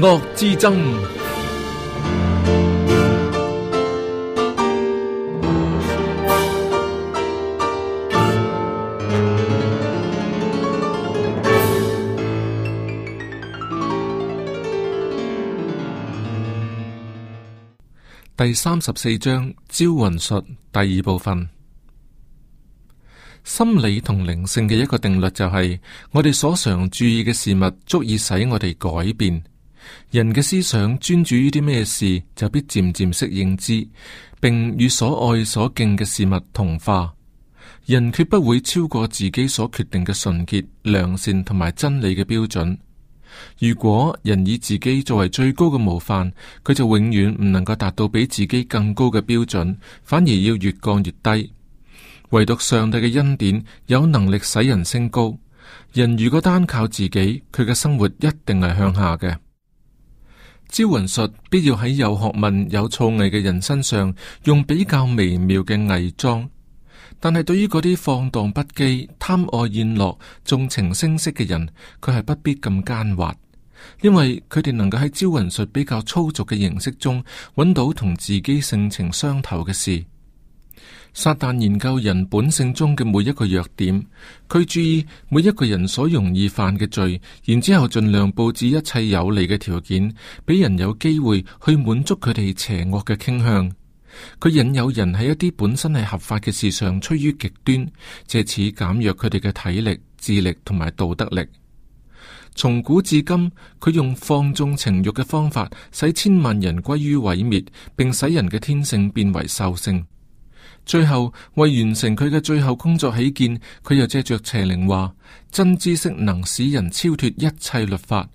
惡之爭第三十四章招魂術第二部分。心理同靈性嘅一個定律就係、是，我哋所常注意嘅事物，足以使我哋改變。人嘅思想專注於啲咩事，就必漸漸適應之，並與所愛所敬嘅事物同化。人決不會超過自己所決定嘅純潔、良善同埋真理嘅標準。如果人以自己作為最高嘅模範，佢就永遠唔能夠達到比自己更高嘅標準，反而要越降越低。唯獨上帝嘅恩典有能力使人升高。人如果單靠自己，佢嘅生活一定係向下嘅。招魂術必要喺有學問、有造詣嘅人身上用比較微妙嘅偽裝，但係對於嗰啲放蕩不羈、貪愛宴樂、縱情聲色嘅人，佢係不必咁奸猾，因為佢哋能夠喺招魂術比較粗俗嘅形式中，揾到同自己性情相投嘅事。撒旦研究人本性中嘅每一個弱點，佢注意每一個人所容易犯嘅罪，然之後盡量布置一切有利嘅條件，俾人有機會去滿足佢哋邪惡嘅傾向。佢引誘人喺一啲本身係合法嘅事上趨於極端，借此減弱佢哋嘅體力、智力同埋道德力。從古至今，佢用放縱情慾嘅方法，使千萬人歸於毀滅，並使人嘅天性變為獸性。最後，為完成佢嘅最後工作起見，佢又借着邪靈話：真知識能使人超脫一切律法，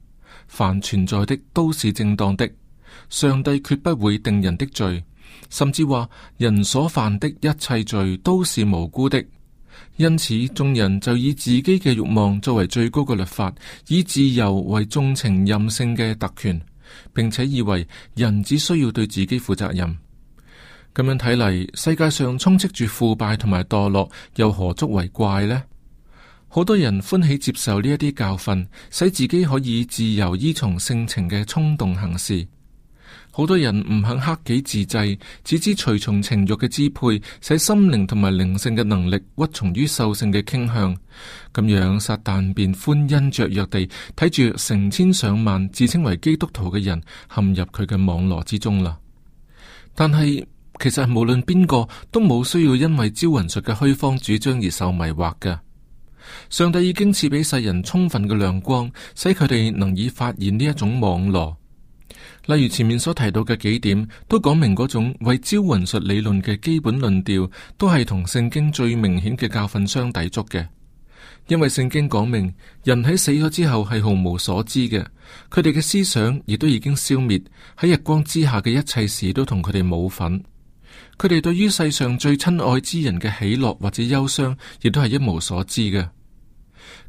凡存在的都是正當的，上帝決不會定人的罪，甚至話人所犯的一切罪都是無辜的。因此，眾人就以自己嘅慾望作為最高嘅律法，以自由為縱情任性嘅特權，並且以為人只需要對自己負責任。咁樣睇嚟，世界上充斥住腐敗同埋墮落，又何足為怪呢？好多人歡喜接受呢一啲教訓，使自己可以自由依從性情嘅衝動行事。好多人唔肯克己自制，只知隨從情欲嘅支配，使心靈同埋靈性嘅能力屈從於獸性嘅傾向。咁樣，撒旦便歡欣雀躍地睇住成千上萬自稱為基督徒嘅人陷入佢嘅網絡之中啦。但係。其實係無論邊個都冇需要，因為招魂術嘅虛方主張而受迷惑嘅。上帝已經賜俾世人充分嘅亮光，使佢哋能以發現呢一種網羅。例如前面所提到嘅幾點，都講明嗰種為招魂術理論嘅基本論調，都係同聖經最明顯嘅教訓相抵觸嘅。因為聖經講明，人喺死咗之後係毫無所知嘅，佢哋嘅思想亦都已經消滅，喺日光之下嘅一切事都同佢哋冇份。佢哋對於世上最親愛之人嘅喜樂或者憂傷，亦都係一無所知嘅。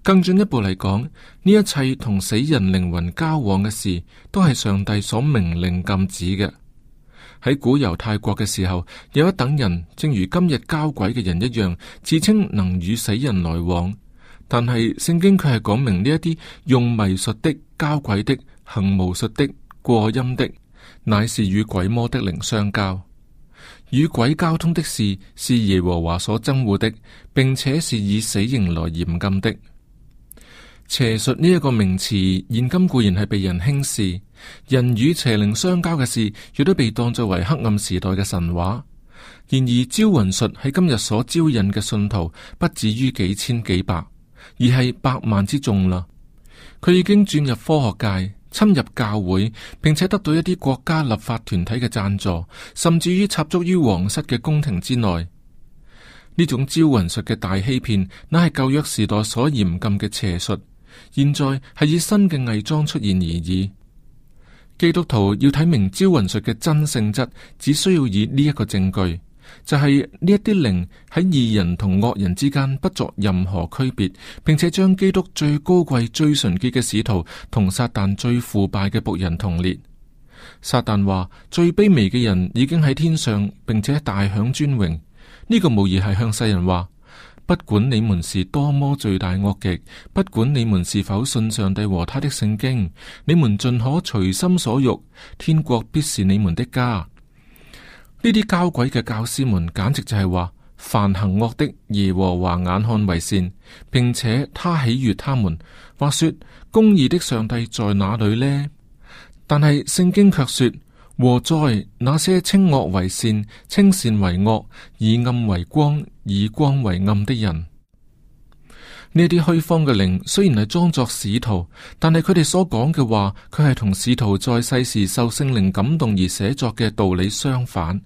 更進一步嚟講，呢一切同死人靈魂交往嘅事，都係上帝所命令禁止嘅。喺古猶太國嘅時候，有一等人正如今日交鬼嘅人一樣，自稱能與死人來往，但係聖經佢係講明呢一啲用迷術的、交鬼的、行巫術的、過陰的，乃是與鬼魔的靈相交。與鬼交通的事，是耶和華所憎惡的，並且是以死刑來嚴禁的。邪術呢一個名詞，現今固然係被人輕視，人與邪靈相交嘅事，亦都被當作為黑暗時代嘅神話。然而，招魂術喺今日所招引嘅信徒，不止於幾千幾百，而係百萬之眾啦。佢已經轉入科學界。侵入教會，並且得到一啲國家立法團體嘅贊助，甚至於插足於皇室嘅宮廷之內。呢種招魂術嘅大欺騙，乃係舊約時代所嚴禁嘅邪術，現在係以新嘅偽裝出現而已。基督徒要睇明招魂術嘅真性質，只需要以呢一個證據，就係呢一啲靈喺義人同惡人之間不作任何區別，並且將基督最高貴最純潔嘅使徒同撒旦最腐敗嘅僕人同列。撒旦話最卑微嘅人已經喺天上，並且大享尊榮。呢、這個無疑係向世人話：不管你們是多麼罪大惡極，不管你們是否信上帝和他的聖經，你們盡可隨心所欲，天國必是你們的家。呢啲交鬼嘅教師們，簡直就係話，凡行惡的，耶和華眼看為善，並且他喜悅他們。話說公義的上帝在哪裡呢？但係聖經卻說，禍哉那些稱惡為善、稱善為惡、以暗為光、以光為暗的人。呢啲虛方嘅靈雖然係裝作使徒，但係佢哋所講嘅話，佢係同使徒在世時受聖靈感動而寫作嘅道理相反。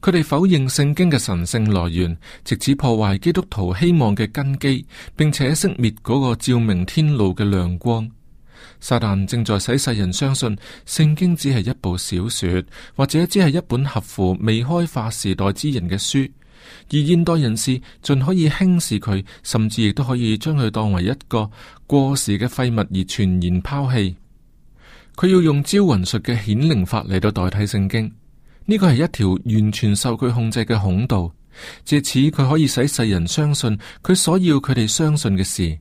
佢哋否認聖經嘅神聖來源，直至破壞基督徒希望嘅根基，並且熄滅嗰個照明天路嘅亮光。撒旦正在使世人相信聖經只係一部小說，或者只係一本合乎未開發時代之人嘅書，而現代人士盡可以輕視佢，甚至亦都可以將佢當為一個過時嘅廢物而全然拋棄。佢要用招魂術嘅顯靈法嚟到代替聖經。呢個係一條完全受佢控制嘅孔道，借此佢可以使世人相信佢所要佢哋相信嘅事。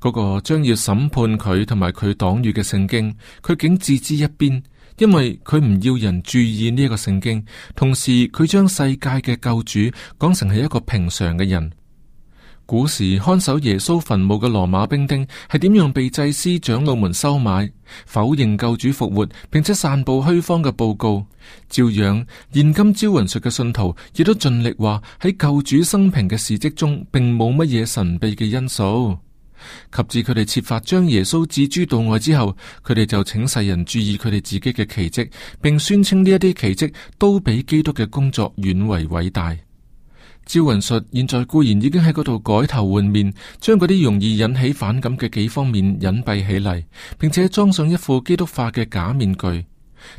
嗰個將要審判佢同埋佢黨羽嘅聖經，佢竟置之一邊，因為佢唔要人注意呢一個聖經。同時，佢將世界嘅救主講成係一個平常嘅人。古時看守耶穌墳墓嘅羅馬兵丁係點樣被祭司長老們收買，否認救主復活，並且散布虛謊嘅報告。照樣，現今招魂術嘅信徒亦都盡力話喺救主生平嘅事跡中，並冇乜嘢神秘嘅因素。及至佢哋設法將耶穌置諸度外之後，佢哋就請世人注意佢哋自己嘅奇跡，並宣稱呢一啲奇跡都比基督嘅工作遠為偉大。招雲術現在固然已經喺嗰度改頭換面，將嗰啲容易引起反感嘅幾方面隱蔽起嚟，並且裝上一副基督化嘅假面具。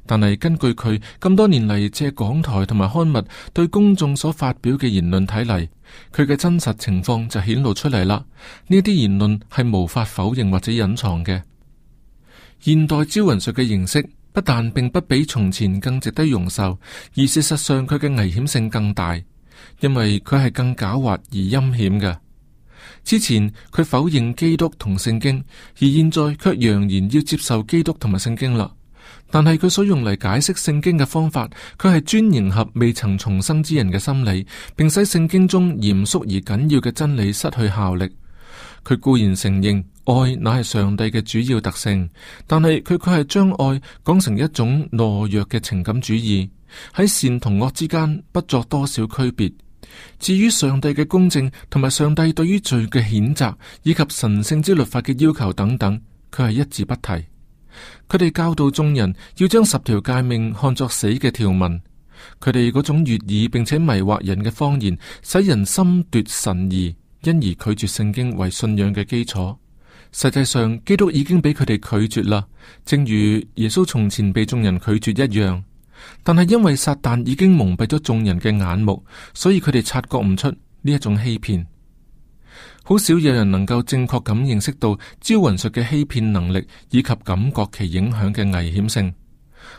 但係根據佢咁多年嚟借港台同埋刊物對公眾所發表嘅言論睇嚟，佢嘅真實情況就顯露出嚟啦。呢啲言論係無法否認或者隱藏嘅。現代招魂術嘅形式不但並不比從前更值得容受，而事實上佢嘅危險性更大。因為佢係更狡猾而陰險嘅，之前佢否認基督同聖經，而現在卻揚言要接受基督同埋聖經啦。但係佢所用嚟解釋聖經嘅方法，佢係專迎合未曾重生之人嘅心理，並使聖經中嚴肅而緊要嘅真理失去效力。佢固然承認愛乃係上帝嘅主要特性，但係佢佢係將愛講成一種懦弱嘅情感主義。喺善同惡之間不作多少區別。至於上帝嘅公正，同埋上帝對於罪嘅譴責，以及神聖之律法嘅要求等等，佢係一字不提。佢哋教導眾人要將十條誡命看作死嘅條文。佢哋嗰種悅耳並且迷惑人嘅謊言，使人心奪神移，因而拒絕聖經為信仰嘅基礎。實際上，基督已經俾佢哋拒絕啦，正如耶穌從前被眾人拒絕一樣。但係因為撒旦已經蒙蔽咗眾人嘅眼目，所以佢哋察覺唔出呢一種欺騙。好少有人能夠正確咁認識到招魂術嘅欺騙能力，以及感覺其影響嘅危險性。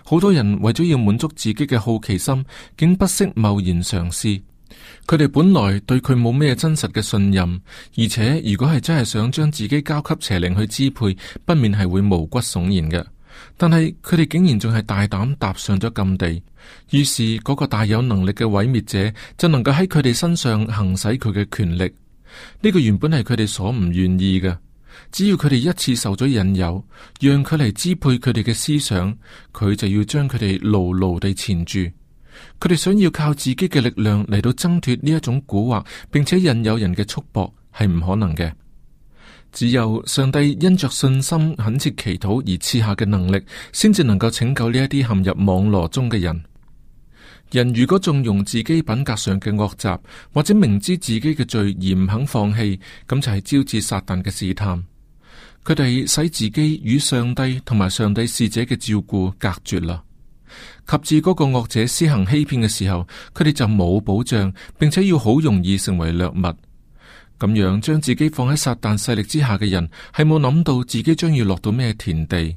好多人為咗要滿足自己嘅好奇心，竟不惜貿然嘗試。佢哋本來對佢冇咩真實嘅信任，而且如果係真係想將自己交給邪靈去支配，不免係會毛骨悚然嘅。但係佢哋竟然仲係大膽踏上咗禁地，於是嗰個大有能力嘅毀滅者就能夠喺佢哋身上行使佢嘅權力。呢個原本係佢哋所唔願意嘅。只要佢哋一次受咗引誘，讓佢嚟支配佢哋嘅思想，佢就要將佢哋牢牢地纏住。佢哋想要靠自己嘅力量嚟到掙脫呢一種蠱惑，並且引誘人嘅束縛係唔可能嘅。只有上帝因着信心懇切祈禱而賜下嘅能力，先至能夠拯救呢一啲陷入網羅中嘅人。人如果縱容自己品格上嘅惡習，或者明知自己嘅罪而唔肯放棄，咁就係招致撒旦嘅試探。佢哋使自己與上帝同埋上帝使者嘅照顧隔絕啦。及至嗰個惡者施行欺騙嘅時候，佢哋就冇保障，並且要好容易成為掠物。咁樣將自己放喺撒旦勢力之下嘅人，係冇諗到自己將要落到咩田地。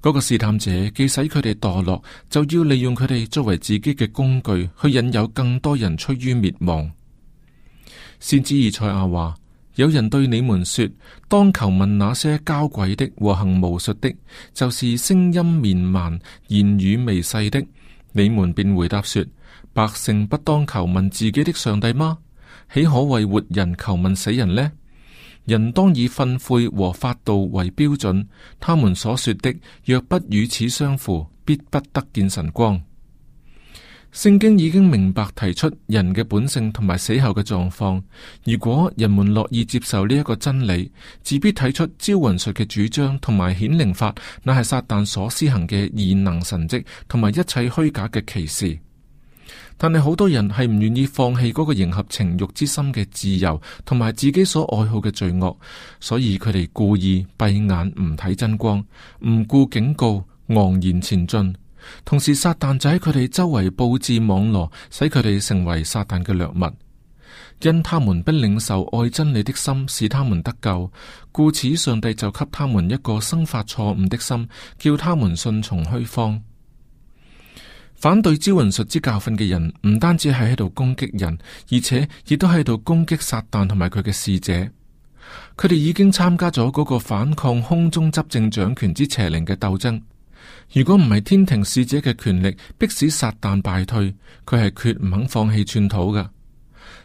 嗰、那個試探者既使佢哋墮落，就要利用佢哋作為自己嘅工具，去引誘更多人出於滅亡。先知以賽亞話：有人對你們說，當求問那些交鬼的和行巫術的，就是聲音綿蠻、言語微細的，你們便回答說：百姓不當求問自己的上帝嗎？豈可為活人求問死人呢？人當以訓誨和法度為標準，他們所說的若不與此相符，必不得見晨光。聖經已經明白提出人嘅本性同埋死後嘅狀況。如果人們樂意接受呢一個真理，自必睇出招魂術嘅主張同埋顯靈法，那係撒旦所施行嘅異能神蹟同埋一切虛假嘅奇事。但係好多人係唔願意放棄嗰個迎合情欲之心嘅自由，同埋自己所愛好嘅罪惡，所以佢哋故意閉眼唔睇真光，唔顧警告，昂然前進。同時，撒旦就喺佢哋周圍布置網羅，使佢哋成為撒旦嘅掠物。因他們不領受愛真理的心，使他們得救，故此上帝就給他們一個生發錯誤的心，叫他們順從虛謊。反對招魂術之教訓嘅人，唔單止係喺度攻擊人，而且亦都喺度攻擊撒旦同埋佢嘅使者。佢哋已經參加咗嗰個反抗空中執政掌權之邪靈嘅鬥爭。如果唔係天庭使者嘅權力迫使撒旦敗退，佢係決唔肯放棄寸土嘅。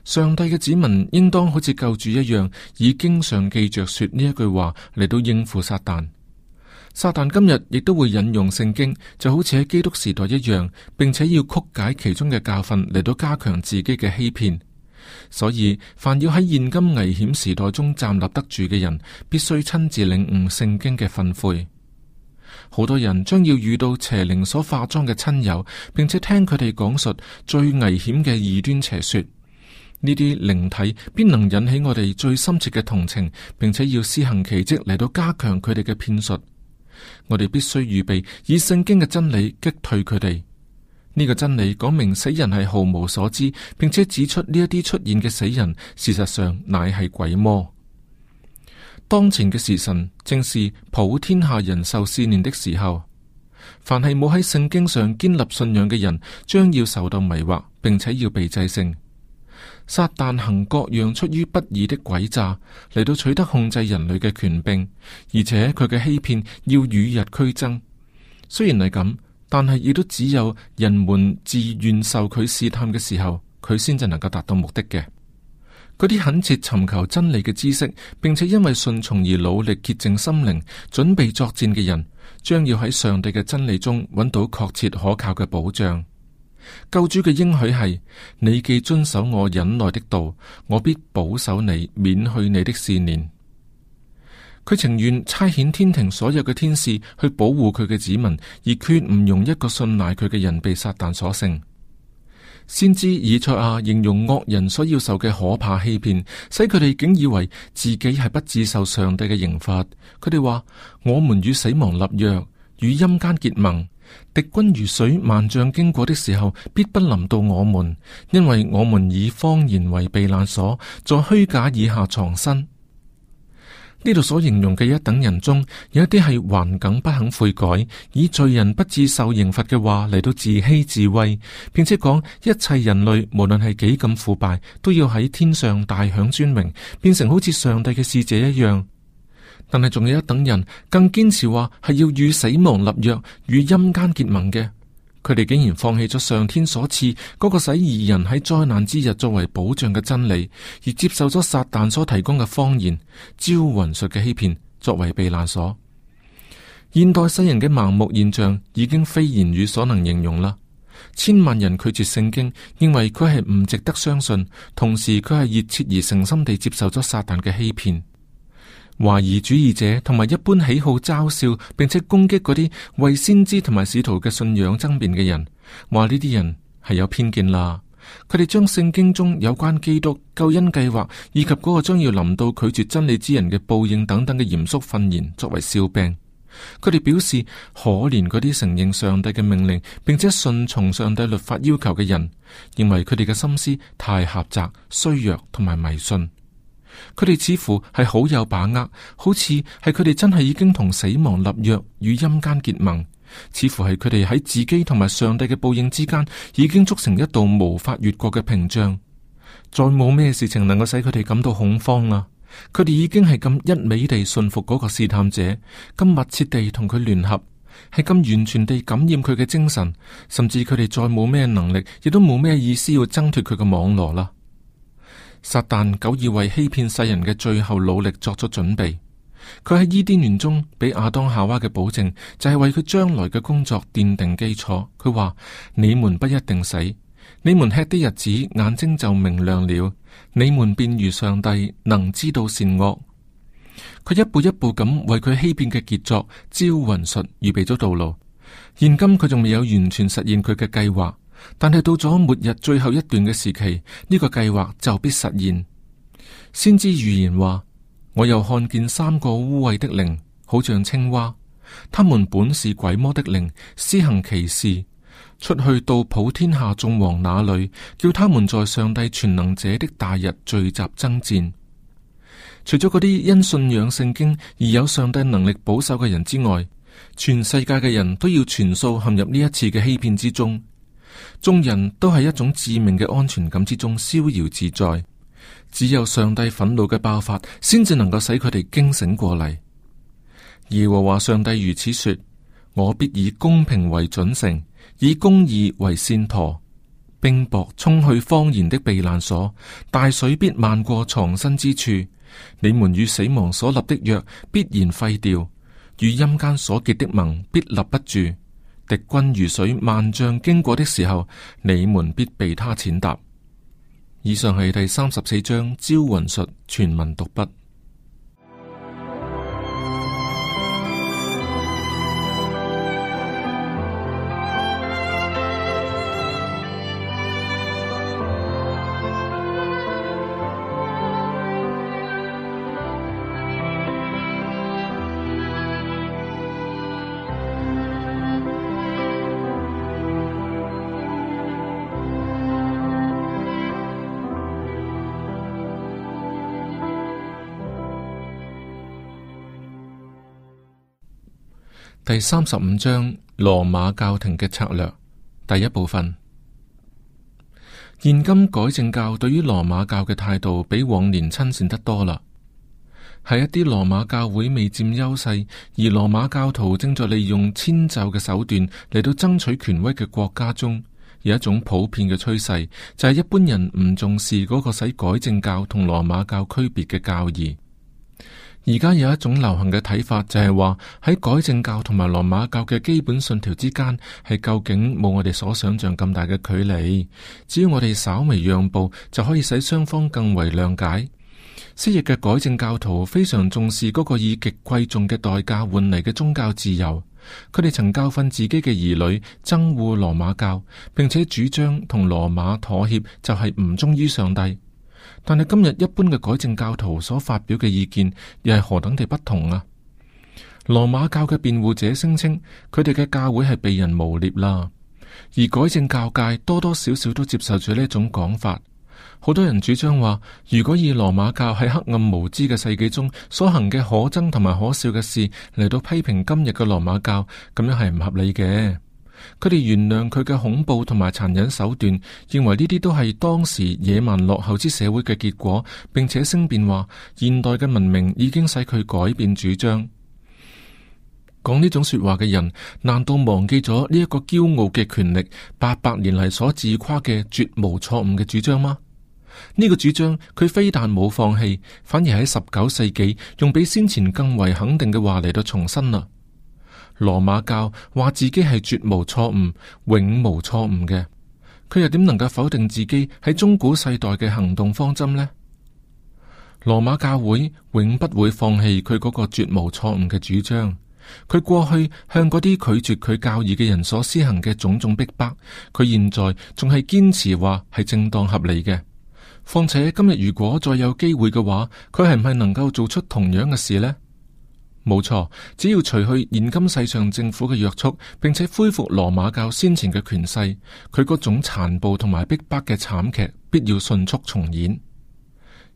上帝嘅子民應當好似救主一樣，已經常記着說呢一句話嚟到應付撒旦。撒旦今日亦都會引用聖經，就好似喺基督時代一樣，並且要曲解其中嘅教訓嚟到加強自己嘅欺騙。所以，凡要喺現今危險時代中站立得住嘅人，必須親自領悟聖經嘅訓誨。好多人將要遇到邪靈所化妝嘅親友，並且聽佢哋講述最危險嘅異端邪說。呢啲靈體，必能引起我哋最深切嘅同情，並且要施行奇跡嚟到加強佢哋嘅騙術。我哋必須預備以聖經嘅真理擊退佢哋。呢個真理講明死人係毫無所知，並且指出呢一啲出現嘅死人事實上乃係鬼魔。當前嘅時辰正是普天下人受試煉的時候。凡係冇喺聖經上堅立信仰嘅人，將要受到迷惑，並且要被制勝。撒旦行各樣出於不義的詭詐，嚟到取得控制人類嘅權柄，而且佢嘅欺騙要與日俱增。雖然係咁，但係亦都只有人們自願受佢試探嘅時候，佢先至能夠達到目的嘅。嗰啲懇切尋求真理嘅知識，並且因為順從而努力潔淨心靈、準備作戰嘅人，將要喺上帝嘅真理中揾到確切可靠嘅保障。救主嘅應許係：你既遵守我忍耐的道，我必保守你，免去你的試煉。」佢情願差遣天庭所有嘅天使去保護佢嘅子民，而決唔容一個信賴佢嘅人被撒旦所勝。先知以賽亞形容惡人所要受嘅可怕欺騙，使佢哋竟以為自己係不自受上帝嘅刑罰。佢哋話：我們與死亡立約，與陰間結盟。敵軍如水，萬象經過的時候，必不臨到我們，因為我們以謊言為避難所，在虛假以下藏身。呢度所形容嘅一等人中，有一啲係環境不肯悔改，以罪人不至受刑罰嘅話嚟到自欺自慰，並且講一切人類無論係幾咁腐敗，都要喺天上大享尊榮，變成好似上帝嘅使者一樣。但係仲有一等人更堅持話係要與死亡立約、與陰間結盟嘅，佢哋竟然放棄咗上天所賜嗰、那個使義人喺災難之日作為保障嘅真理，而接受咗撒旦所提供嘅謊言、招魂術嘅欺騙作為避難所。現代世人嘅盲目現象已經非言語所能形容啦。千萬人拒絕聖經，認為佢係唔值得相信，同時佢係熱切而誠心地接受咗撒旦嘅欺騙。懷疑主義者同埋一般喜好嘲笑並且攻擊嗰啲為先知同埋使徒嘅信仰爭辯嘅人，話呢啲人係有偏見啦。佢哋將聖經中有關基督救恩計劃以及嗰個將要臨到拒絕真理之人嘅報應等等嘅嚴肅訓言作為笑柄。佢哋表示可憐嗰啲承認上帝嘅命令並且順從上帝律法要求嘅人，認為佢哋嘅心思太狹窄、衰弱同埋迷信。佢哋似乎係好有把握，好似係佢哋真係已經同死亡立約，與陰間結盟。似乎係佢哋喺自己同埋上帝嘅報應之間，已經築成一道無法越過嘅屏障。再冇咩事情能夠使佢哋感到恐慌啦、啊。佢哋已經係咁一味地順服嗰個試探者，咁密切地同佢聯合，係咁完全地感染佢嘅精神，甚至佢哋再冇咩能力，亦都冇咩意思要掙脫佢嘅網絡啦。撒旦久已為欺騙世人嘅最後努力作咗準備，佢喺伊甸園中俾亞當夏娃嘅保證，就係為佢將來嘅工作奠定基礎。佢話：你們不一定死，你們吃的日子，眼睛就明亮了，你們便如上帝，能知道善惡。佢一步一步咁為佢欺騙嘅傑作招魂術預備咗道路。現今佢仲未有完全實現佢嘅計劃。但係到咗末日最後一段嘅時期，呢個計劃就必實現。先知預言話：我又看見三個污穢的靈，好像青蛙，他們本是鬼魔的靈，施行奇事，出去到普天下眾王那裏，叫他們在上帝全能者的大日聚集爭戰。除咗嗰啲因信仰聖經而有上帝能力保守嘅人之外，全世界嘅人都要全數陷入呢一次嘅欺騙之中。眾人都喺一種致命嘅安全感之中逍遙自在，只有上帝憤怒嘅爆發，先至能夠使佢哋驚醒過嚟。耶和華上帝如此說：我必以公平為準繩，以公義為線砣。冰雹沖去謊言的避難所，大水必漫過藏身之處。你們與死亡所立的約必然廢掉，與陰間所結的盟必立不住。敵軍如水，萬丈經過的時候，你們必被他踐踏。以上係第三十四章招魂術全文讀畢。第三十五章羅馬教廷嘅策略，第一部分。現今改正教對於羅馬教嘅態度，比往年親善得多啦。喺一啲羅馬教會未佔優勢，而羅馬教徒正在利用遷就嘅手段嚟到爭取權威嘅國家中，有一種普遍嘅趨勢，就係一般人唔重視嗰個使改正教同羅馬教區別嘅教義。而家有一種流行嘅睇法就，就係話，喺改正教同埋羅馬教嘅基本信條之間，係究竟冇我哋所想象咁大嘅距離。只要我哋稍微讓步，就可以使雙方更為諒解。昔日嘅改正教徒非常重視嗰個以極貴重嘅代價換嚟嘅宗教自由。佢哋曾教訓自己嘅兒女，憎惡羅馬教，並且主張同羅馬妥協就係唔忠於上帝。但係今日一般嘅改正教徒所發表嘅意見，又係何等地不同啊？羅馬教嘅辯護者聲稱佢哋嘅教會係被人誣蔑啦，而改正教界多多少少都接受住呢一種講法。好多人主張話，如果以羅馬教喺黑暗無知嘅世紀中所行嘅可憎同埋可笑嘅事嚟到批評今日嘅羅馬教，咁樣係唔合理嘅。佢哋原諒佢嘅恐怖同埋殘忍手段，認為呢啲都係當時野蠻落後之社會嘅結果，並且聲辯話現代嘅文明已經使佢改變主張。講呢種說話嘅人，難道忘記咗呢一個驕傲嘅權力八百年嚟所自誇嘅絕無錯誤嘅主張嗎？呢個主張佢非但冇放棄，反而喺十九世紀用比先前更為肯定嘅話嚟到重申啦。羅馬教話自己係絕無錯誤、永無錯誤嘅，佢又點能夠否定自己喺中古世代嘅行動方針呢？羅馬教會永不會放棄佢嗰個絕無錯誤嘅主張。佢過去向嗰啲拒絕佢教義嘅人所施行嘅種種逼迫，佢現在仲係堅持話係正當合理嘅。況且今日如果再有機會嘅話，佢係唔係能夠做出同樣嘅事呢？冇錯，只要除去現今世上政府嘅約束，並且恢復羅馬教先前嘅權勢，佢嗰種殘暴同埋逼迫嘅慘劇，必要迅速重演。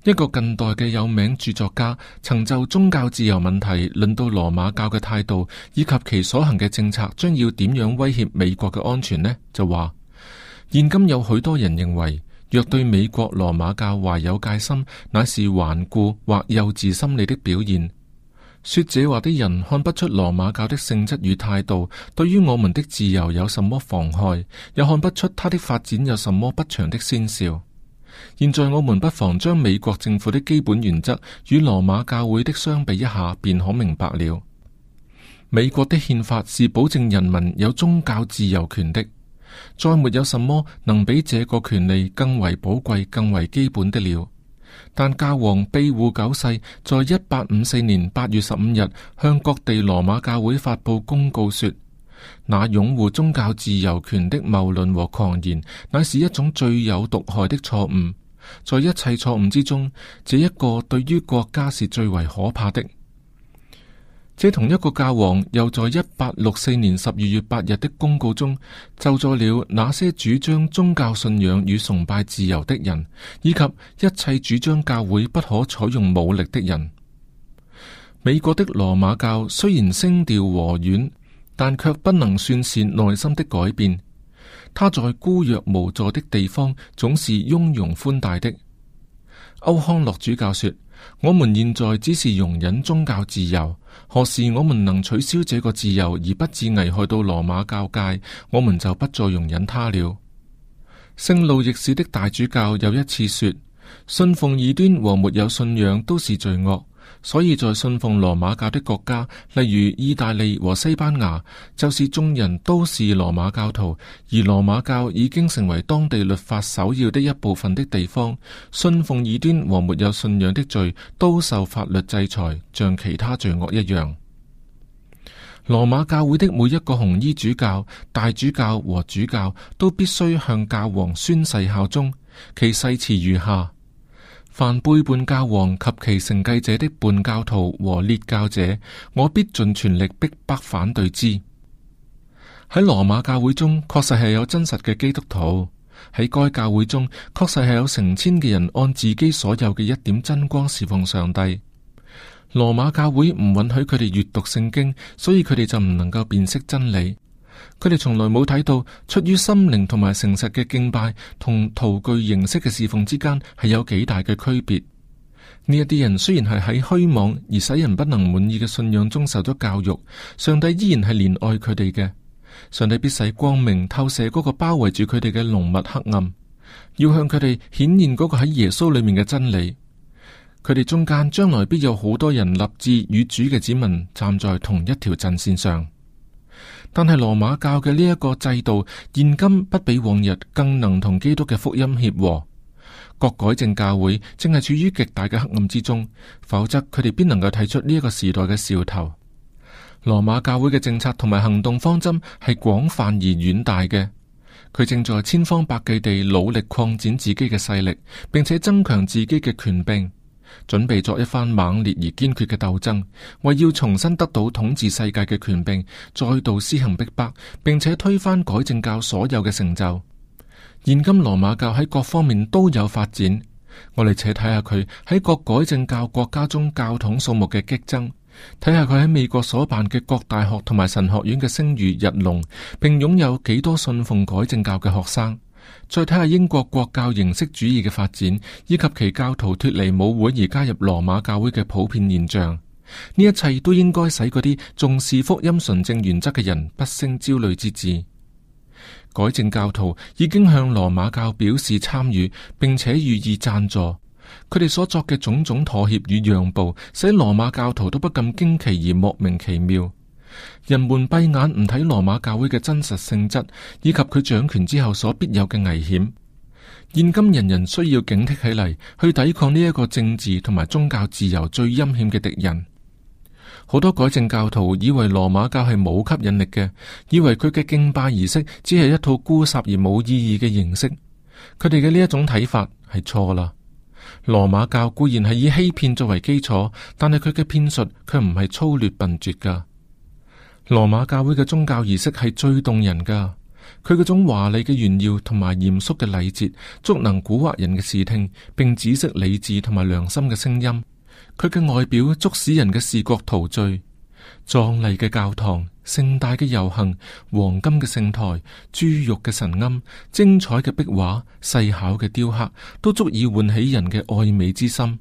一個近代嘅有名著作家，曾就宗教自由問題論到羅馬教嘅態度以及其所行嘅政策，將要點樣威脅美國嘅安全呢？就話：現今有許多人認為，若對美國羅馬教懷有戒心，乃是頑固或幼稚心理的表現。說這話的人看不出羅馬教的性質與態度對於我們的自由有什麼妨害，也看不出它的發展有什麼不祥的先兆。現在我們不妨將美國政府的基本原則與羅馬教會的相比一下，便可明白了。美國的憲法是保證人民有宗教自由權的，再沒有什麼能比這個權利更為寶貴、更為基本的了。但教王庇護九世在一八五四年八月十五日向各地羅馬教會發佈公告說，那擁護宗教自由權的謬論和狂言，乃是一種最有毒害的錯誤，在一切錯誤之中，這一個對於國家是最為可怕的。這同一個教皇又在一八六四年十二月八日的公告中，咒詛了那些主張宗教信仰與崇拜自由的人，以及一切主張教會不可採用武力的人。美國的羅馬教雖然聲調和緩，但卻不能算是內心的改變。他在孤弱無助的地方，總是雍容寬大的。歐康洛主教說。我們現在只是容忍宗教自由，何時我們能取消這個自由而不致危害到羅馬教界，我們就不再容忍它了。聖路易士的大主教有一次說：信奉異端和沒有信仰都是罪惡。所以在信奉羅馬教的國家，例如意大利和西班牙，就是眾人都是羅馬教徒，而羅馬教已經成為當地律法首要的一部分的地方。信奉異端和沒有信仰的罪都受法律制裁，像其他罪惡一樣。羅馬教會的每一個紅衣主教、大主教和主教都必須向教皇宣誓效忠，其誓詞如下。凡背叛教皇及其承繼者的叛教徒和劣教者，我必盡全力逼迫反對之。喺羅馬教會中，確實係有真實嘅基督徒；喺該教會中，確實係有成千嘅人按自己所有嘅一點真光侍奉上帝。羅馬教會唔允許佢哋閱讀聖經，所以佢哋就唔能夠辨識真理。佢哋從來冇睇到出於心靈同埋誠實嘅敬拜，同徒具形式嘅侍奉之間係有幾大嘅區別。呢一啲人雖然係喺虛妄而使人不能滿意嘅信仰中受咗教育，上帝依然係憐愛佢哋嘅。上帝必使光明透射嗰個包圍住佢哋嘅濃密黑暗，要向佢哋顯現嗰個喺耶穌裏面嘅真理。佢哋中間將來必有好多人立志與主嘅子民站在同一條陣線上。但係羅馬教嘅呢一個制度，現今不比往日更能同基督嘅福音協和。各改正教會正係處於極大嘅黑暗之中，否則佢哋必能夠睇出呢一個時代嘅兆頭。羅馬教會嘅政策同埋行動方針係廣泛而遠大嘅，佢正在千方百計地努力擴展自己嘅勢力，並且增強自己嘅權柄。準備作一番猛烈而堅決嘅鬥爭，為要重新得到統治世界嘅權柄，再度施行逼迫，並且推翻改正教所有嘅成就。現今羅馬教喺各方面都有發展，我哋且睇下佢喺各改正教國家中教統數目嘅激增，睇下佢喺美國所辦嘅各大學同埋神學院嘅聲譽日隆，並擁有幾多信奉改正教嘅學生。再睇下英國國教形式主義嘅發展，以及其教徒脫離母會而加入羅馬教會嘅普遍現象，呢一切都應該使嗰啲重視福音純正原則嘅人不勝焦慮之至。改正教徒已經向羅馬教表示參與，並且予以贊助，佢哋所作嘅種種妥協與讓步，使羅馬教徒都不禁驚奇而莫名其妙。人們閉眼唔睇羅馬教會嘅真實性質，以及佢掌權之後所必有嘅危險。現今人人需要警惕起嚟，去抵抗呢一個政治同埋宗教自由最陰險嘅敵人。好多改正教徒以為羅馬教係冇吸引力嘅，以為佢嘅敬拜儀式只係一套枯燥而冇意義嘅形式。佢哋嘅呢一種睇法係錯啦。羅馬教固然係以欺騙作為基礎，但係佢嘅騙術卻唔係粗劣笨拙噶。羅馬教會嘅宗教儀式係最動人噶，佢嗰種華麗嘅炫耀同埋嚴肅嘅禮節，足能蠱惑人嘅視聽，並止息理智同埋良心嘅聲音。佢嘅外表足使人嘅視覺陶醉，壯麗嘅教堂、盛大嘅遊行、黃金嘅聖台、豬肉嘅神龕、精彩嘅壁畫、細巧嘅雕刻，都足以喚起人嘅愛美之心。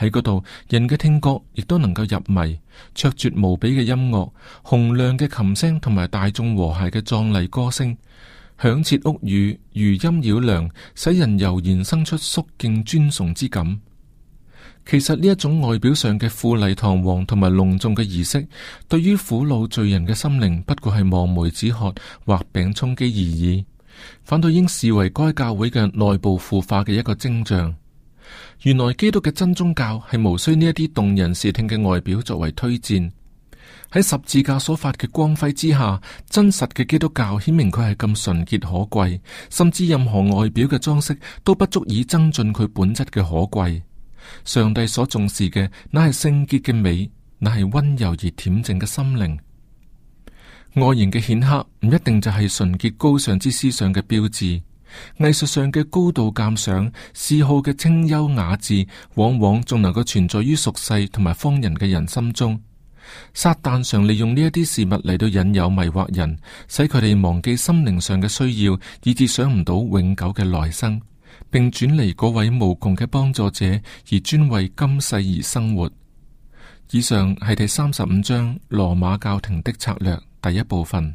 喺嗰度，人嘅聽覺亦都能夠入迷，卓絕無比嘅音樂、洪亮嘅琴聲同埋大眾和諧嘅壯麗歌聲，響徹屋宇，餘音繞梁，使人油然生出肅敬尊崇之感。其實呢一種外表上嘅富麗堂皇同埋隆重嘅儀式，對於苦惱罪人嘅心靈，不過係望梅止渴、畫餅充飢而已。反倒應視為該教會嘅內部腐化嘅一個徵象。原來基督嘅真宗教係無需呢一啲動人視聽嘅外表作為推薦，喺十字架所發嘅光輝之下，真實嘅基督教顯明佢係咁純潔可貴，甚至任何外表嘅裝飾都不足以增進佢本質嘅可貴。上帝所重視嘅，乃係聖潔嘅美，乃係溫柔而恬靜嘅心靈。外形嘅顯赫唔一定就係純潔高尚之思想嘅標誌。藝術上嘅高度鑑賞、嗜好嘅清幽雅致，往往仲能夠存在於俗世同埋荒人嘅人心中。撒旦常利用呢一啲事物嚟到引誘迷惑人，使佢哋忘記心靈上嘅需要，以致想唔到永久嘅來生，並轉離嗰位無窮嘅幫助者，而專為今世而生活。以上係第三十五章羅馬教廷的策略第一部分。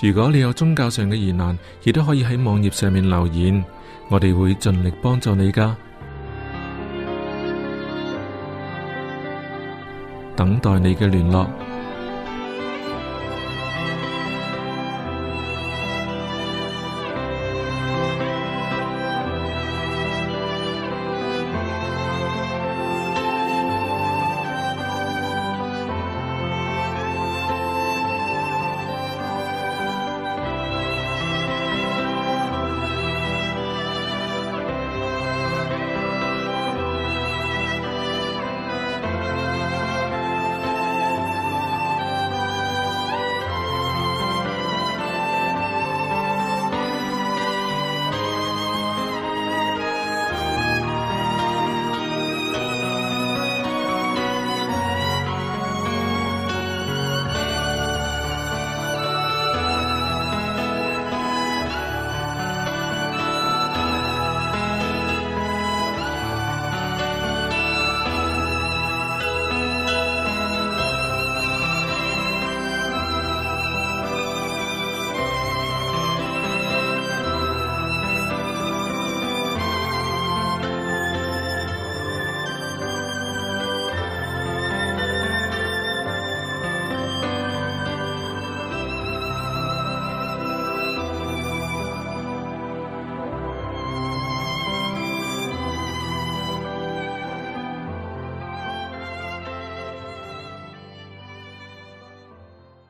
如果你有宗教上嘅疑難，亦都可以喺網頁上面留言，我哋會盡力幫助你㗎，等待你嘅聯絡。